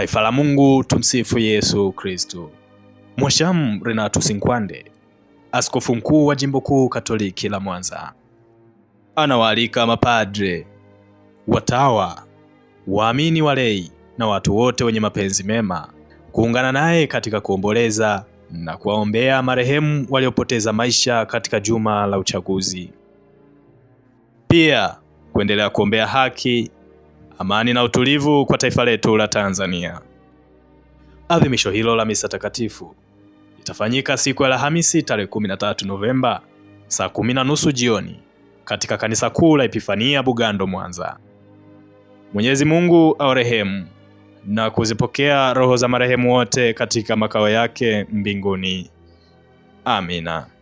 Taifa la Mungu, tumsifu Yesu Kristo. Mwashamu Renatus Nkwande, askofu mkuu wa jimbo kuu Katoliki la Mwanza, anawaalika mapadre, watawa, waamini, walei na watu wote wenye mapenzi mema kuungana naye katika kuomboleza na kuwaombea marehemu waliopoteza maisha katika juma la uchaguzi, pia kuendelea kuombea haki amani na utulivu kwa taifa letu la Tanzania. Adhimisho hilo la misa takatifu litafanyika siku ya Alhamisi tarehe 13 Novemba saa kumi na nusu jioni katika kanisa kuu la Epifania Bugando, Mwanza. Mwenyezi Mungu awarehemu na kuzipokea roho za marehemu wote katika makao yake mbinguni. Amina.